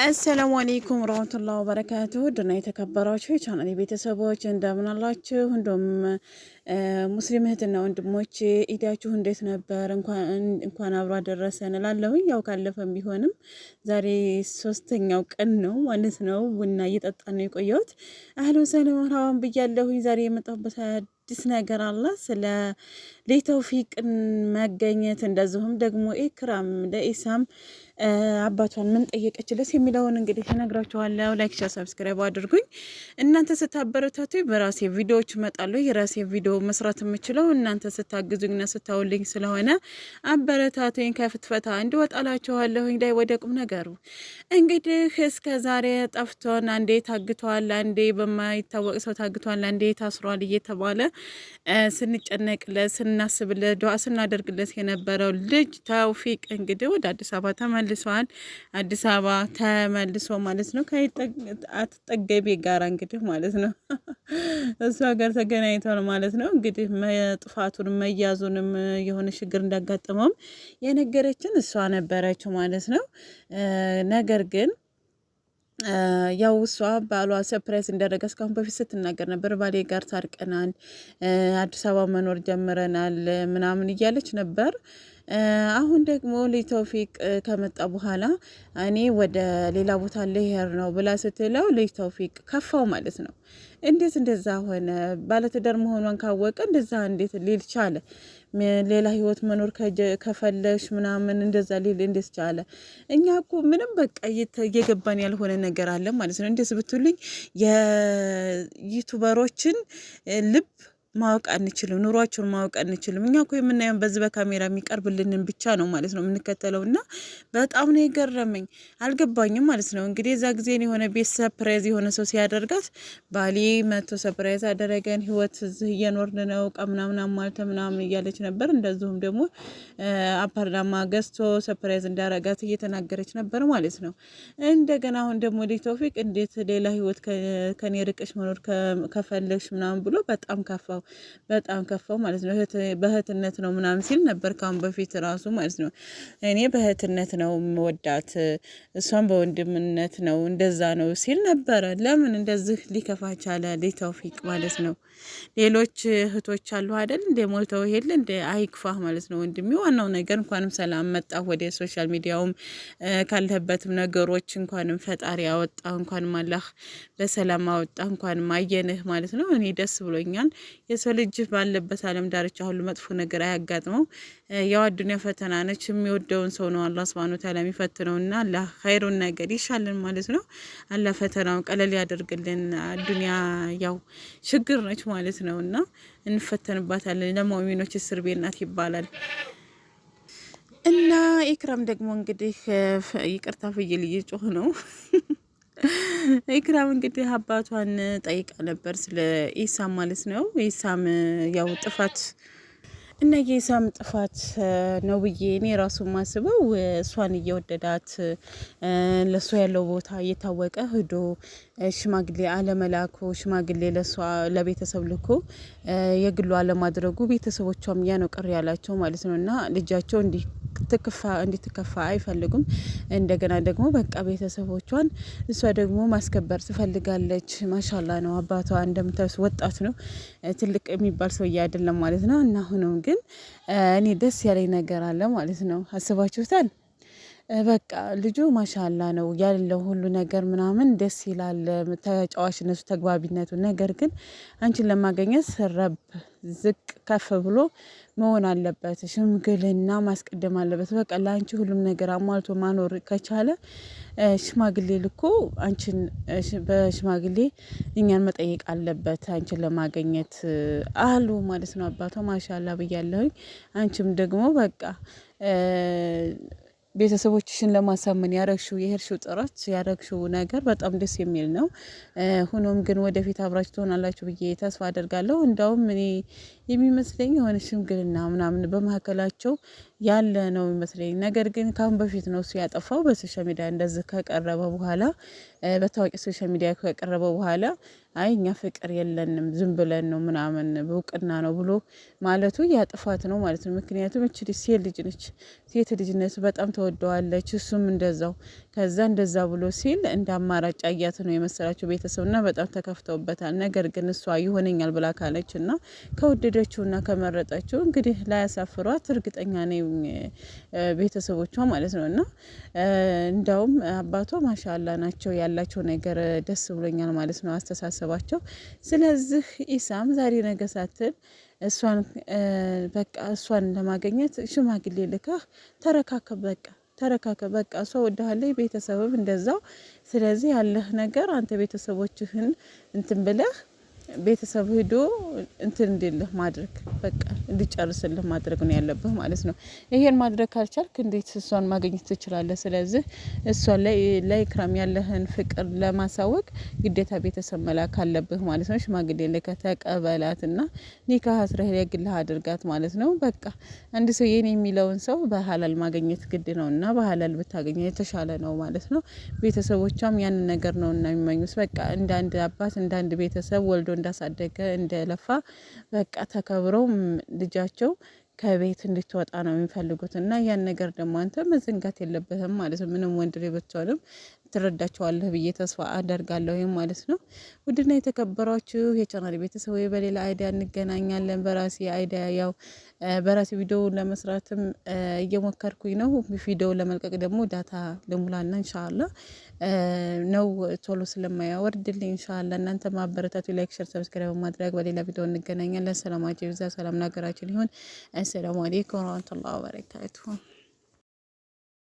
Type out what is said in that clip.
አሰላሙ አሌይኩም ረህመቱላህ ወበረካቱ ድና የተከበራችሁ የቻናል ቤተሰቦች እንደምናላችሁ፣ እንዲሁም ሙስሊም እህትና ወንድሞች ኢዳችሁ እንዴት ነበር? እንኳን አብሮ አደረሰን እላለሁኝ። ያው ካለፈም ቢሆንም ዛሬ ሶስተኛው ቀን ነው ማለት ነው። ቡና እየጠጣ ነው የቆየሁት። አህለን ወሰህለን መርሀባን ብያለሁኝ። ዛሬ የመጣሁበት አዲስ ነገር አለ ስለ ለተውፊቅ መገኘት እንደዚሁም ደግሞ ኢክራም ለኢሳም አባቷን ምን ጠየቀች ለስ የሚለውን እንግዲህ ተነግራችኋለሁ። ላይክ፣ ሻ ሰብስክራይብ አድርጉኝ። እናንተ ስታበረታቱ በራሴ ቪዲዮዎች እመጣለሁ። የራሴ ቪዲዮ መስራት የምችለው እናንተ ስታግዙኝና ስታውልኝ ስለሆነ አበረታቱኝ። ከፍትፈታ እንዲወጣላችኋለሁኝ። ላይ ወደ ቁም ነገሩ እንግዲህ እስከ ዛሬ ጠፍቶን አንዴ ታግቷል፣ አንዴ በማይታወቅ ሰው ታግቷል፣ አንዴ ታስሯል እየተባለ ስንጨነቅለት ስናስብለት ዱዓ ስናደርግለት የነበረው ልጅ ተውፊቅ እንግዲህ ወደ አዲስ አበባ ተመልሷል። ተመልሰዋል። አዲስ አበባ ተመልሶ ማለት ነው ከአትጠገቤ ጋር እንግዲህ ማለት ነው እሷ ጋር ተገናኝቷል ማለት ነው። እንግዲህ መጥፋቱንም መያዙንም የሆነ ችግር እንዳጋጠመውም የነገረችን እሷ ነበረችው ማለት ነው። ነገር ግን ያው እሷ ባሏ ሰፕራይዝ እንዳደረገ እስካሁን በፊት ስትናገር ነበር። ባሌ ጋር ታርቀናል፣ አዲስ አበባ መኖር ጀምረናል ምናምን እያለች ነበር አሁን ደግሞ ልጅተውፊቅ ከመጣ በኋላ እኔ ወደ ሌላ ቦታ ልሄድ ነው ብላ ስትለው ልጅተውፊቅ ከፋው ማለት ነው። እንዴት እንደዛ ሆነ? ባለትዳር መሆኗን ካወቀ እንደዛ እንዴት ሊል ቻለ? ሌላ ህይወት መኖር ከፈለሽ ምናምን እንደዛ ሊል እንዴት ቻለ? እኛ እኮ ምንም በቃ እየገባን ያልሆነ ነገር አለ ማለት ነው። እንዴት ብትሉኝ የዩቱበሮችን ልብ ማወቅ አንችልም፣ ኑሯቸውን ማወቅ አንችልም። እኛ እኮ የምናየውን በዚህ በካሜራ የሚቀርብልንን ብቻ ነው ማለት ነው የምንከተለው። እና በጣም ነው የገረመኝ፣ አልገባኝም ማለት ነው። እንግዲህ እዛ ጊዜ የሆነ ቤት ሰፕራይዝ የሆነ ሰው ሲያደርጋት ባሌ መቶ ሰፕራይዝ አደረገን፣ ህይወት እዚህ እየኖርን ነው እቃ ምናምን አሟልተ ምናምን እያለች ነበር። እንደዚሁም ደግሞ አፓርታማ ገዝቶ ሰፕራይዝ እንዳረጋት እየተናገረች ነበር ማለት ነው። እንደገና አሁን ደግሞ ቶፊቅ እንዴት ሌላ ህይወት ከኔ ርቀሽ መኖር ከፈለግሽ ምናምን ብሎ በጣም ከፋው። ከፋው፣ በጣም ከፋው ማለት ነው። በእህትነት ነው ምናምን ሲል ነበር ካሁን በፊት ራሱ ማለት ነው። እኔ በእህትነት ነው ወዳት፣ እሷን በወንድምነት ነው እንደዛ ነው ሲል ነበረ። ለምን እንደዚህ ሊከፋ ቻለ? ሊተውፊቅ ማለት ነው። ሌሎች እህቶች አሉ አይደል? እንደ ሞልተው ሄል እንደ አይክፋህ ማለት ነው ወንድሜ። ዋናው ነገር እንኳንም ሰላም መጣ ወደ ሶሻል ሚዲያውም ካለህበትም ነገሮች እንኳንም ፈጣሪ አወጣ፣ እንኳንም አላህ በሰላም አወጣ፣ እንኳንም አየንህ ማለት ነው። እኔ ደስ ብሎኛል። የሰው ልጅ ባለበት ዓለም ዳርቻ ሁሉ መጥፎ ነገር አያጋጥመው። ያው አዱኒያ ፈተና ነች። የሚወደውን ሰው ነው አላህ ሱብሃነሁ ወተዓላ የሚፈትነው እና ኸይሩን ነገር ይሻልን ማለት ነው። አላህ ፈተናውን ቀለል ያደርግልን። አዱኒያ ያው ችግር ነች ማለት ነው እና እንፈተንባታለን። ለሙእሚኖች እስር ቤት ናት ይባላል። እና ኢክራም ደግሞ እንግዲህ ይቅርታ ፍየል እየጮህ ነው ኢክራም እንግዲህ አባቷን ጠይቃ ነበር ስለ ኢሳም ማለት ነው። ኢሳም ያው ጥፋት እና የኢሳም ጥፋት ነው ብዬ እኔ ራሱ ማስበው እሷን እየወደዳት ለእሷ ያለው ቦታ እየታወቀ ህዶ ሽማግሌ አለመላኩ ሽማግሌ ለእሷ ለቤተሰብ ልኮ የግሏ አለማድረጉ ቤተሰቦቿም ያ ነው ቅር ያላቸው ማለት ነው እና ልጃቸው እንዲህ ትክፋ እንዲትከፋ አይፈልጉም። እንደገና ደግሞ በቃ ቤተሰቦቿን እሷ ደግሞ ማስከበር ትፈልጋለች። ማሻላ ነው አባቷ እንደምታዩት ወጣት ነው፣ ትልቅ የሚባል ሰውዬ አይደለም ማለት ነው። እና ሁኖም ግን እኔ ደስ ያለኝ ነገር አለ ማለት ነው። አስባችሁታል በቃ ልጁ ማሻላ ነው ያለው ሁሉ ነገር ምናምን ደስ ይላል፣ ተጫዋችነቱ፣ ተግባቢነቱ። ነገር ግን አንቺን ለማገኘት ረብ ዝቅ ከፍ ብሎ መሆን አለበት፣ ሽምግልና ማስቀደም አለበት። በቃ ለአንቺ ሁሉም ነገር አሟልቶ ማኖር ከቻለ ሽማግሌ ልኮ አንቺን በሽማግሌ እኛን መጠየቅ አለበት አንቺን ለማገኘት አሉ ማለት ነው አባቷ። ማሻላ ብያለሁኝ። አንቺም ደግሞ በቃ ቤተሰቦችሽን ለማሳመን ያረግሽው የሄድሽው ጥረት ያረግሽው ነገር በጣም ደስ የሚል ነው። ሆኖም ግን ወደፊት አብራችሁ ትሆናላችሁ ብዬ ተስፋ አደርጋለሁ። እንዳውም እኔ የሚመስለኝ የሆነ ሽምግልና ምናምን በመካከላቸው ያለ ነው የሚመስለኝ። ነገር ግን ካሁን በፊት ነው እሱ ያጠፋው በሶሻል ሚዲያ እንደዚህ ከቀረበ በኋላ በታዋቂ ሶሻል ሚዲያ ከቀረበ በኋላ አይ እኛ ፍቅር የለንም ዝም ብለን ነው ምናምን በእውቅና ነው ብሎ ማለቱ ያጥፋት ነው ማለት ነው። ምክንያቱም እች ሴት ልጅ ነች። ሴት ልጅነቱ በጣም ተወደዋለች። እሱም እንደዛው ከዛ እንደዛ ብሎ ሲል እንደ አማራጭ አያት ነው የመሰላቸው ቤተሰብና በጣም ተከፍተውበታል። ነገር ግን እሷ ይሆነኛል ብላ ካለች እና ከወደደ ከወደደችውና ከመረጠችው እንግዲህ ላያሳፍሯት እርግጠኛ ነኝ ቤተሰቦቿ ማለት ነው። እና እንዳውም አባቷ ማሻላ ናቸው ያላቸው ነገር ደስ ብሎኛል ማለት ነው አስተሳሰባቸው። ስለዚህ ኢሳም ዛሬ ነገ ሳትል እሷን በቃ እሷን ለማገኘት ሽማግሌ ልካህ ተረካከብ በቃ ተረካከ በቃ እሷ ወደሃለች፣ ቤተሰብም እንደዛው። ስለዚህ ያለህ ነገር አንተ ቤተሰቦችህን እንትን ብለህ ቤተሰብ ሂዶ እንትን እንዲልህ ማድረግ በቃ እንዲጨርስልህ ማድረግ ነው ያለብህ ማለት ነው። ይሄን ማድረግ ካልቻልክ እንዴት እሷን ማግኘት ትችላለህ? ስለዚህ እሷ ለኢክራም ያለህን ፍቅር ለማሳወቅ ግዴታ ቤተሰብ መላክ አለብህ ማለት ነው። ሽማግሌ ልከህ ተቀበላት እና ኒካህ አስረህ ያግልህ አድርጋት ማለት ነው። በቃ አንድ ሰው ይህን የሚለውን ሰው በሀላል ማግኘት ግድ ነው እና በሀላል ብታገኘ የተሻለ ነው ማለት ነው። ቤተሰቦቿም ያንን ነገር ነው እና የሚመኙት በቃ እንዳንድ አባት እንዳንድ ቤተሰብ ወልዶ እንዳሳደገ እንደለፋ በቃ ተከብረው ልጃቸው ከቤት እንድትወጣ ነው የሚፈልጉት እና ያን ነገር ደግሞ አንተ መዘንጋት የለበትም ማለት ነው። ምንም ወንድ ብትሆንም ትረዳቸዋለህ ብዬ ተስፋ አደርጋለሁ ማለት ነው። ውድና የተከበሯችሁ የቻናል ቤተሰብ ወይ በሌላ አይዲያ እንገናኛለን። በራሴ አይዲያ ያው በራሴ ቪዲዮ ለመስራትም እየሞከርኩኝ ነው። ቪዲዮ ለመልቀቅ ደግሞ ዳታ ልሙላና እንሻላ ነው ቶሎ ስለማያወርድልኝ እንሻላ እናንተ ማበረታቱ ላይክ፣ ሸር፣ ሰብስክራይብ በማድረግ በሌላ ቪዲዮ እንገናኛለን። ሰላማቸው ይብዛ። ሰላም ሀገራችን ይሁን። አሰላሙ አሌይኩም ረመቱላ ወበረካቱሁ።